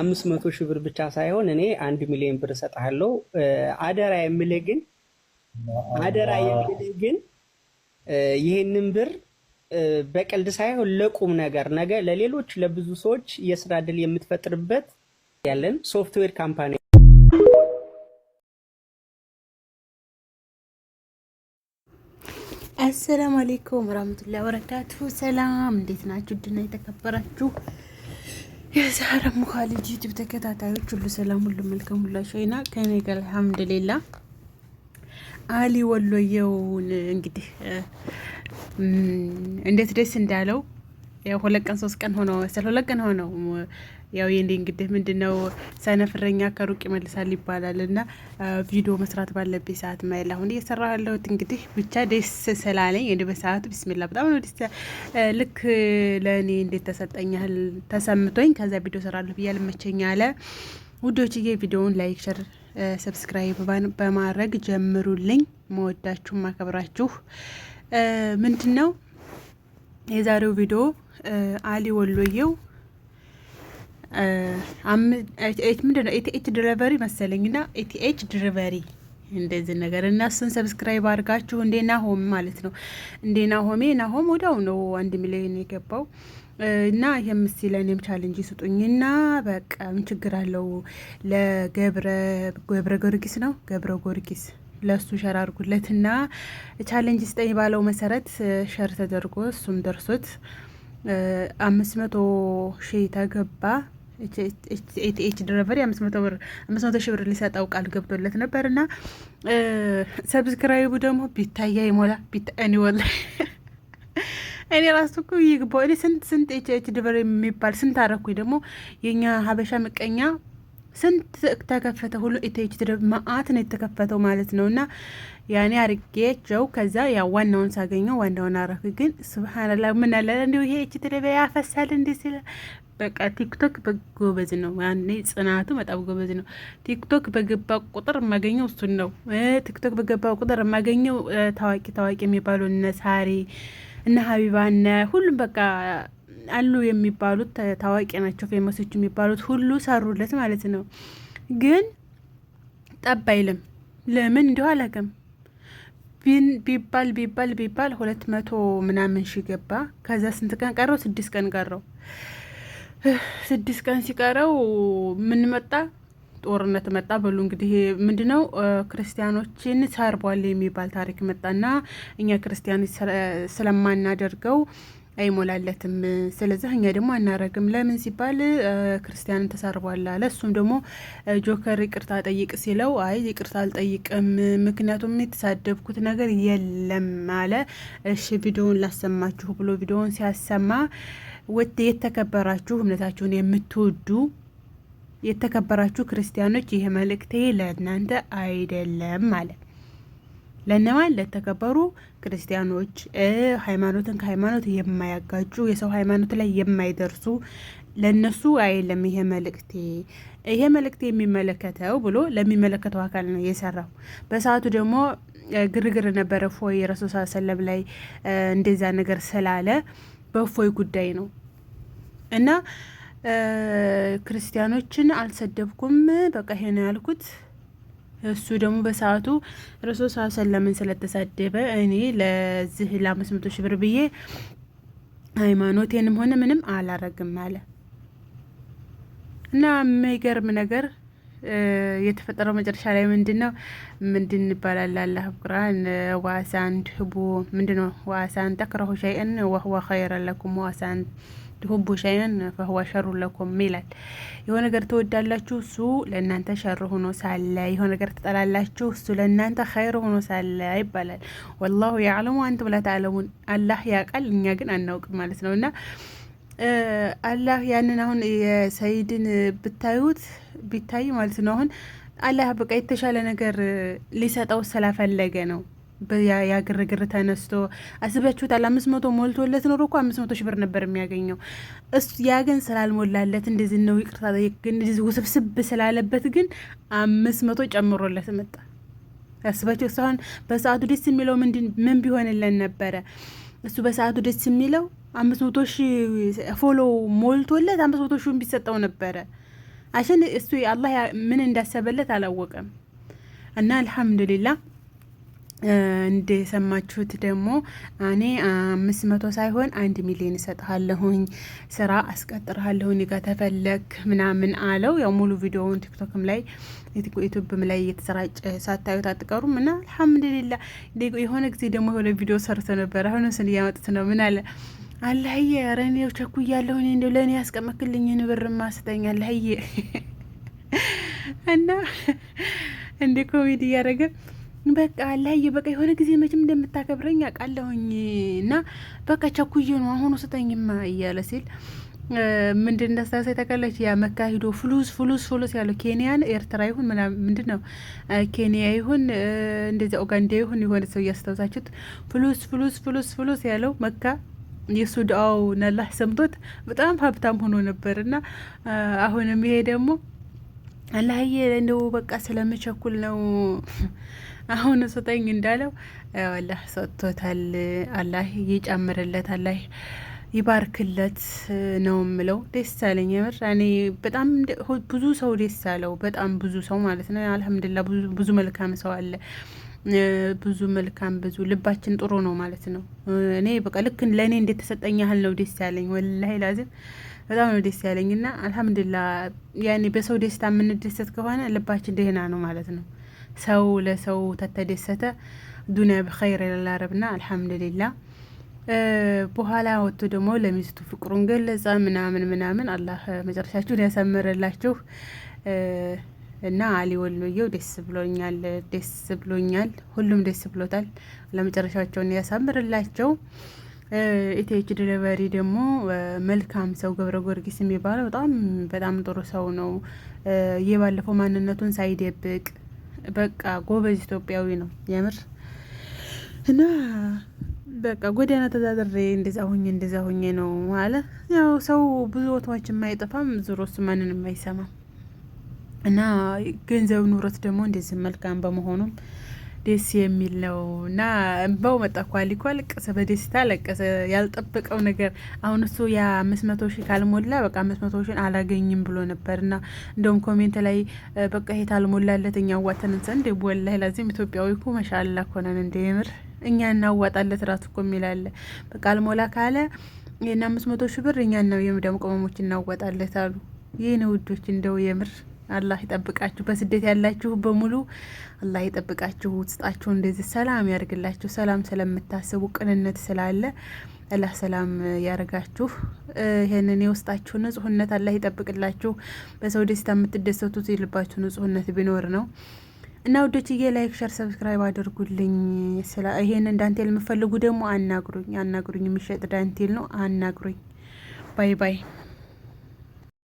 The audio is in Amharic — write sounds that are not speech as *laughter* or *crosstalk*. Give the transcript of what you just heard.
አምስት መቶ ሺህ ብር ብቻ ሳይሆን እኔ አንድ ሚሊዮን ብር እሰጥሃለሁ። አደራ የምልህ ግን አደራ የምልህ ግን ይህንን ብር በቀልድ ሳይሆን ለቁም ነገር ነገ ለሌሎች ለብዙ ሰዎች የስራ እድል የምትፈጥርበት ያለን ሶፍትዌር ካምፓኒ አሰላሙ አሌይኩም ረህመቱላሂ ወበረካቱሁ። ሰላም እንዴት ናችሁ? ድና የተከበራችሁ የዛሬ ሙኻሊጅ ዩቲብ ተከታታዮች ሁሉ ሰላም፣ ሁሉ መልካም፣ ሁሉ ይና ከኔ ጋር አልሐምዱሊላ። አሊ ወሎየውን እንግዲህ እንዴት ደስ እንዳለው ያው ሁለት ቀን ሶስት ቀን ሆነው ስለ ሁለት ቀን ሆነው ያው የኔ እንግዲህ ምንድን ነው ሰነፍረኛ ከሩቅ ይመልሳል ይባላል እና ቪዲዮ መስራት ባለብኝ ሰዓት ማይል አሁን እየሰራ ያለሁት እንግዲህ ብቻ ደስ ስላለኝ እንዲ በሰዓቱ ቢስሚላ በጣም ነው ደስ ልክ ለእኔ እንዴት ተሰጠኛል ተሰምቶኝ ከዛ ቪዲዮ ሰራለሁ ብያል መቸኛ አለ። ውዶች ዬ ቪዲዮውን ላይክ፣ ሸር፣ ሰብስክራይብ በማድረግ ጀምሩልኝ። መወዳችሁ ማከብራችሁ ምንድን ነው የዛሬው ቪዲዮ አሊ ወሎየው ምንድን ነው ኤቲኤች ድሪቨሪ መሰለኝ ና ኤቲኤች ድሪቨሪ እንደዚህ ነገር እና እሱን ሰብስክራይብ አድርጋችሁ እንዴ ናሆም ማለት ነው እንዴ ናሆሜ ናሆም ወዳው ነው አንድ ሚሊዮን የገባው እና ይህም ስ ለእኔም ቻለንጅ ና በቃ ምን ችግር አለው? ለገብረ ገብረ ጊዮርጊስ ነው ገብረ ጊዮርጊስ ለእሱ ሸር አድርጉለትና ቻለንጅ ስጠኝ ባለው መሰረት ሸር ተደርጎ እሱም ደርሶት አምስት መቶ ሺህ ተገባ ኤች ድረቨር የአምስት መቶ ብር አምስት መቶ ሺህ ብር ሊሰጠው ቃል ገብቶለት ነበር እና ሰብስክራይቡ ደግሞ ቢታያ ይሞላ *laughs* እኔ ራሱ እኮ ይግባው እኔ ስንት ስንት ድረቨር የሚባል ስንት አረኩኝ ደግሞ ሀበሻ ምቀኛ ስንት ተከፈተ ሁሉ ኢቴች ድረብ መአት ነው የተከፈተው ማለት ነው። እና ያኔ አርጌቸው ከዛ ያ ዋናውን ሳገኘው ዋናውን አረፍ ግን ስብሓንላ ምን አለ እንዲሁ ይሄ እች ድረብ ያፈሳል እንዲ ሲል በቃ ቲክቶክ በጎበዝ ነው። ያኔ ጽናቱ በጣም ጎበዝ ነው። ቲክቶክ በገባ ቁጥር የማገኘው እሱን ነው። ቲክቶክ በገባ ቁጥር የማገኘው ታዋቂ ታዋቂ የሚባሉ እነ ሳሪ እነ ሀቢባ እነ ሁሉም በቃ አሉ የሚባሉት ታዋቂ ናቸው ፌመሶች የሚባሉት ሁሉ ሰሩለት ማለት ነው። ግን ጠብ አይልም። ለምን እንዲሁ አላውቅም። ቢባል ቢባል ቢባል ሁለት መቶ ምናምን ሺ ገባ። ከዛ ስንት ቀን ቀረው? ስድስት ቀን ቀረው። ስድስት ቀን ሲቀረው ምን መጣ? ጦርነት መጣ። በሉ እንግዲህ ምንድነው ክርስቲያኖችን ሰርቧል የሚባል ታሪክ መጣና እኛ ክርስቲያኖች ስለማናደርገው አይሞላለትም። ስለዚህ እኛ ደግሞ አናረግም። ለምን ሲባል ክርስቲያንን ተሳርቧል አለ። እሱም ደግሞ ጆከር ይቅርታ ጠይቅ ሲለው አይ ይቅርታ አልጠይቅም፣ ምክንያቱም የተሳደብኩት ነገር የለም አለ። እሺ ቪዲዮውን ላሰማችሁ ብሎ ቪዲዮውን ሲያሰማ የተከበራችሁ እምነታችሁን የምትወዱ የተከበራችሁ ክርስቲያኖች ይህ መልእክቴ ለእናንተ አይደለም አለ። ለነማን ለተከበሩ ክርስቲያኖች፣ ሃይማኖትን ከሃይማኖት የማያጋጩ የሰው ሃይማኖት ላይ የማይደርሱ ለነሱ አይለም ይሄ መልእክቴ ይሄ መልእክቴ የሚመለከተው ብሎ ለሚመለከተው አካል ነው የሰራው። በሰዓቱ ደግሞ ግርግር ነበረ። ፎይ ረሱል ሰለም ላይ እንደዛ ነገር ስላለ በፎይ ጉዳይ ነው እና ክርስቲያኖችን አልሰደብኩም። በቃ ይሄ ነው ያልኩት። እሱ ደግሞ በሰዓቱ ረሱል ስ ሰለምን ስለተሳደበ እኔ ለዚህ ለአምስት መቶ ሺህ ብር ብዬ ሃይማኖቴንም ሆነ ምንም አላረግም አለ እና የሚገርም ነገር የተፈጠረው መጨረሻ ላይ ምንድን ነው ምንድን ይባላል? አላህ ቁርአን ዋሳን ድህቡ ምንድን ነው ዋሳን ተክረሁ ሸይአን ወህወ ኸይረ ለኩም ዋሳን ድሁቡ ሸይአን ፈህወ ሸሩ ለኩም ይላል። የሆነ ነገር ትወዳላችሁ፣ እሱ ለእናንተ ሸር ሆኖ ሳለ፣ የሆነ ነገር ትጠላላችሁ፣ እሱ ለእናንተ ኸይር ሆኖ ሳለ ይባላል። ወላሁ የዕለሙ አንቱም ላ ተዕለሙን፣ አላህ ያውቃል፣ እኛ ግን አናውቅም ማለት ነው እና አላህ ያንን አሁን የሰይድን ብታዩት ቢታይ ማለት ነው። አሁን አላህ በቃ የተሻለ ነገር ሊሰጠው ስላፈለገ ነው። ያግርግር ተነስቶ አስበችሁታል። አምስት መቶ ሞልቶለት ኖሮ እኮ አምስት መቶ ሺህ ብር ነበር የሚያገኘው። እሱ ያ ግን ስላልሞላለት እንደዚህ ነው ይቅርታ እንደዚህ ውስብስብ ስላለበት ግን አምስት መቶ ጨምሮለት መጣ። አስባቸው ሳሁን በሰዓቱ ደስ የሚለው ምን ቢሆንለን ነበረ? እሱ በሰዓቱ ደስ የሚለው አምስት መቶ ሺህ ፎሎ ሞልቶለት አምስት መቶ ሺህ ቢሰጠው ነበረ። አሸን እሱ አላህ ምን እንዳሰበለት አላወቀም። እና አልሐምዱሊላ እንደሰማችሁት ደግሞ እኔ አምስት መቶ ሳይሆን አንድ ሚሊዮን እሰጥሃለሁኝ፣ ስራ አስቀጥርሃለሁኝ እኔ ጋር ተፈለክ ምናምን አለው። ያው ሙሉ ቪዲዮውን ቲክቶክም ላይ ዩቱብም ላይ እየተሰራጨ ሳታዩት አትቀሩም። እና አልሐምዱሊላ የሆነ ጊዜ ደግሞ የሆነ ቪዲዮ ሰርተ ነበር። አሁን ስን እያመጡት ነው ምን አለ አላህዬ ኧረ እኔው ቸኩያለሁ። እኔ እንደው ለእኔ ያስቀመክልኝን ብርማ ማስተኛ አላህዬ። *laughs* እና እንደ ኮሜዲ እያደረገ በቃ አላህዬ፣ በቃ የሆነ ጊዜ መቼም እንደምታከብረኝ አውቃለሁኝ እና በቃ ቸኩዬ ነው አሁኑ ስጠኝማ እያለ ሲል ምንድን ደስታሳ የተቀለች ያ መካ ሂዶ ፍሉስ ፍሉስ ፍሉስ ያለው ኬንያን ኤርትራ ይሁን ምንድን ነው ኬንያ ይሁን እንደዚያ ኡጋንዳ ይሁን የሆነ ሰው እያስታውሳችሁት ፍሉስ ፍሉስ ፍሉስ ፍሉስ ያለው መካ የእሱ ዱዓው አላህ ሰምቶት በጣም ሀብታም ሆኖ ነበር እና አሁንም ይሄ ደግሞ አላህዬ እንደው በቃ ስለምቸኩል ነው አሁን ስጠኝ እንዳለው አላህ ሰጥቶታል። አላህ ይጨምርለት፣ አላህ ይባርክለት ነው ምለው። ደስ አለኝ የምር እኔ በጣም ብዙ ሰው ደስ አለው። በጣም ብዙ ሰው ማለት ነው። አልሐምዱሊላህ ብዙ መልካም ሰው አለ። ብዙ መልካም ብዙ ልባችን ጥሩ ነው ማለት ነው። እኔ በቃ ልክ ለእኔ እንደተሰጠኝ ያህል ነው ደስ ያለኝ። ወላሂ ላዚም በጣም ነው ደስ ያለኝ እና አልሐምዱላ ያኔ በሰው ደስታ የምንደሰት ከሆነ ልባችን ደህና ነው ማለት ነው። ሰው ለሰው ተተደሰተ ዱኒያ ብኸይር የላረብና አልሐምዱሊላ። በኋላ ወጥቶ ደግሞ ለሚስቱ ፍቅሩን ገለጸ ምናምን ምናምን። አላህ መጨረሻችሁን ያሳመረላችሁ። እና አሊ ወሎየው ደስ ብሎኛል፣ ደስ ብሎኛል። ሁሉም ደስ ብሎታል። ለመጨረሻቸውን ያሳምርላቸው። ኢቴች ዲሊቨሪ ደግሞ መልካም ሰው ገብረ ጊዮርጊስ የሚባለው በጣም በጣም ጥሩ ሰው ነው። የባለፈው ማንነቱን ሳይደብቅ በቃ ጎበዝ ኢትዮጵያዊ ነው የምር እና በቃ ጎዳና ተዳድሬ እንደዛ ሁኜ እንደዛ ሁኜ ነው አለ። ያው ሰው ብዙ ቦታዎች የማይጠፋም ዙሮስ ማንን የማይሰማም እና ገንዘብ ኑሮት ደግሞ እንደዚህ መልካም በመሆኑም ደስ የሚል ነው እና እንባው መጣ ኳል አሊኮ አለቀሰ፣ በደስታ ለቀሰ። ያልጠበቀው ነገር አሁን እሱ የአምስት መቶ ሺህ ካልሞላ በቃ አምስት መቶ ሺህ አላገኝም ብሎ ነበር እና እንደውም ኮሜንት ላይ በቃ ሄት አልሞላለት እኛ ዋተንን ሰንድ ወላ ላዚም ኢትዮጵያዊ እኮ መሻላ ኮነን እንደ የምር እኛ እናዋጣለት ራሱ እኮ የሚላለ በቃ አልሞላ ካለ ይህን አምስት መቶ ሺህ ብር እኛ ነው የምዳም ቅመሞች እናዋጣለት አሉ። ይህን ውዶች እንደው የምር አላህ ይጠብቃችሁ። በስደት ያላችሁ በሙሉ አላህ ይጠብቃችሁ፣ ውስጣችሁ እንደዚህ ሰላም ያርግላችሁ። ሰላም ስለምታስቡ ቅንነት ስላለ አላህ ሰላም ያርጋችሁ። ይህንን የውስጣችሁ ንጹህነት አላህ ይጠብቅላችሁ። በሰው ደስታ የምትደሰቱት የልባችሁ ንጹህነት ቢኖር ነው። እና ውዶችዬ ላይክ፣ ሸር፣ ሰብስክራይብ አድርጉልኝ። ይሄንን ዳንቴል የምፈልጉ ደግሞ አናግሩኝ፣ አናግሩኝ። የሚሸጥ ዳንቴል ነው። አናግሩኝ። ባይ ባይ።